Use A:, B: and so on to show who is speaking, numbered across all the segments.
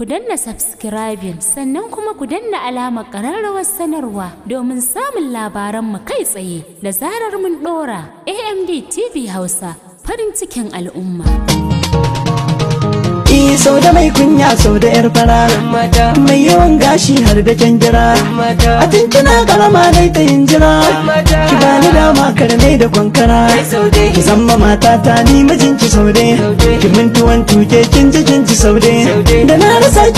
A: ku danna subscribing sannan kuma ku danna alamar ƙararrawar sanarwa domin samun labaranmu kai tsaye da zarar mun ɗora amd tv hausa farin cikin al'umma sau da mai kunya sau da yar fara mai yawan gashi har da can jira a tuntuna karama dai ta yin jira ki bani dama karne da kwankara ki zama matata ni mijinki sau ki mintuwan tuke kin ji kin ji sau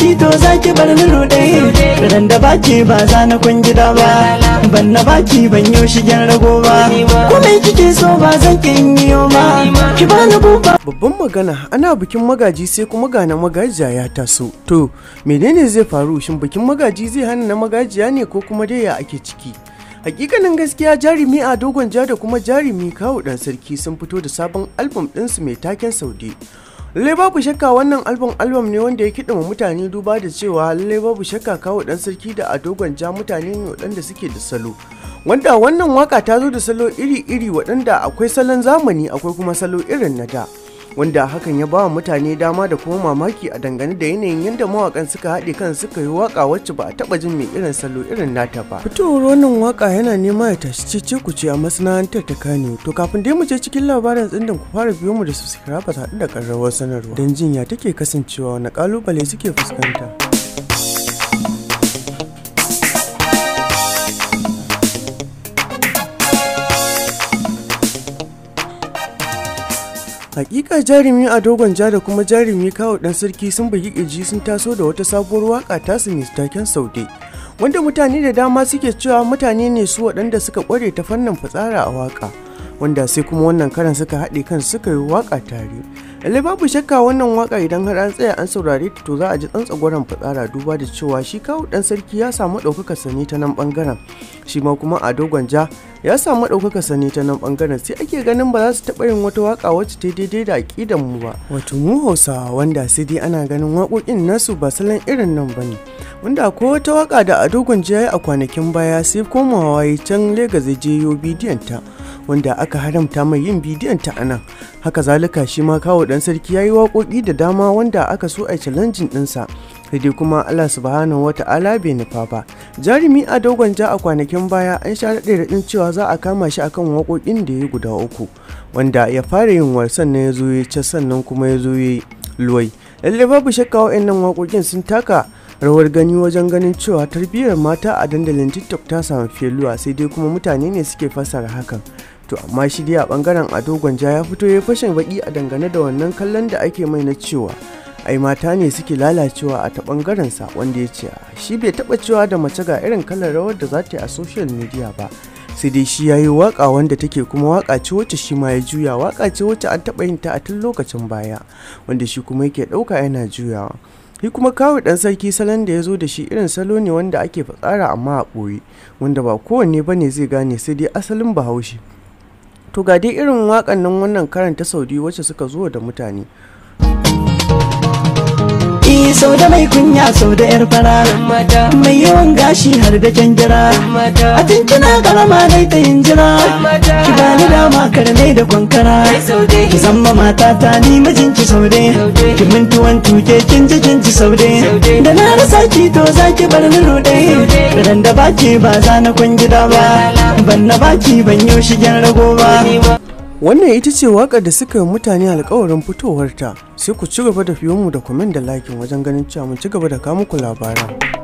A: baki to zaki bar ni rude ran da baki ba za na kun gida ba ban na baki ban yo gen rago ba me kike so ba zan ki yo ma
B: ki ba ni buba babban magana ana bikin magaji sai kuma ga na magajiya ya taso to menene zai faru shin bikin magaji zai hana na magajiya ne ko kuma dai ya ake ciki hakikanin gaskiya jarumi a dogon ja da kuma jarumi kawo dan sarki sun fito da sabon album ɗinsu mai taken saudi. lallai babu shakka wannan album album ne wanda ya kiɗa mutane duba da cewa lallai babu shakka kawo ɗan sarki da a dogon ja mutane ne waɗanda suke da salo wanda wannan waka ta zo da salo iri-iri waɗanda akwai salon zamani akwai kuma salo irin na da wanda hakan ya bawa mutane dama da kuma mamaki a dangane da yanayin yadda mawakan suka haɗe kan suka yi waka wacce ba a taɓa jin mai irin salo irin nata ba fitowar wannan waka yana nema ya tashi cece ku ce a masana'antar ta kano to kafin dai mu je cikin labarin tsindin ku fara biyo mu da subscribe haɗu da ƙararrawar sanarwa don jinya take kasancewa wani ƙalubale suke fuskanta Hakika jarumi a dogon ja da kuma jarumi kawo dan sarki sun bugi kirji sun taso da wata sabuwar waka tasu mai taken saude. Wanda mutane da dama suke cewa mutane ne su waɗanda suka ƙware ta fannin fitsara a waka. Wanda sai kuma wannan karan suka haɗe kan suka yi waka tare. Lalle babu shakka wannan waka idan har an tsaya an saurare ta to za a ji tsantsa gwaran fitsara duba da cewa shi kawo dan sarki ya samu ɗaukaka sani ta nan bangaren. Shi ma kuma a dogon ja ya samu ɗaukaka sani ta nan bangaren sai ake ganin ba za su taɓa yin wata waka wacce ta daidai da aƙidan mu ba. Wato mu Hausawa wanda sai dai ana ganin waƙoƙin nasu ba salon irin nan ba ne. Wanda ko wata waka da a dogon ja ya a kwanakin baya sai komawa can Legas ya je yo bidiyon ta. wanda aka haramta mai yin bidiyon ta anan haka zalika shi ma kawo dan sarki ya yi waƙoƙi da dama wanda aka so a challenging ɗinsa dai kuma Allah subhanahu wata'ala ala bai nufa ba jarumi a dogon ja a kwanakin baya an sha da raɗin cewa za a kama shi akan waƙoƙin da ya guda uku wanda ya fara yin wasan na ya zo ya ce sannan kuma ya zo ya luwai lallai babu shakka wa'annan waƙoƙin sun taka rawar gani wajen ganin cewa tarbiyyar mata a dandalin tiktok ta samu feluwa sai dai kuma mutane ne suke fasara hakan to amma shi dai a bangaren ado gwanja ya fito ya fashin baki a dangane da wannan kallon da ake mai na cewa ai mata ne suke lalacewa a ta bangaren sa wanda ya ce ah, shi bai taba cewa da mace ga irin kallon rawar da za ta yi a social media ba sai dai shi yayi waka wanda take kuma waka ce wacce shi ma ya juya waka ce wacce an taba yin ta a tun lokacin baya wanda shi kuma yake dauka yana juyawa shi kuma kawo dan sarki salon da ya zo da shi irin salo ne wanda ake fatsara amma a ɓoye wanda ba kowanne bane zai gane sai dai asalin bahaushe to ga dai irin waƙan wannan karanta
A: saudi wacce suka zuwa da mutane sau da mai kunya sau da yar fara Mai yawan gashi har da can jira A tuntuna karama na ta yin jira Ki bani dama karne da kwankara Ki zama mata ta ni mijinki sau da Ki mintuwan tuke kin ji kin ji sau Da na rasa ki to za ki bar ni rude Ran da baki ba za na kun gida ba Ban na baki ban yo shigen rago ba wannan ita ce waƙar da suka
B: yi mutane alkawarin fitowarta sai ku ci gaba da fiye mu da kwamen da lakin wajen ganin cewa mun ci gaba da kamuku labaran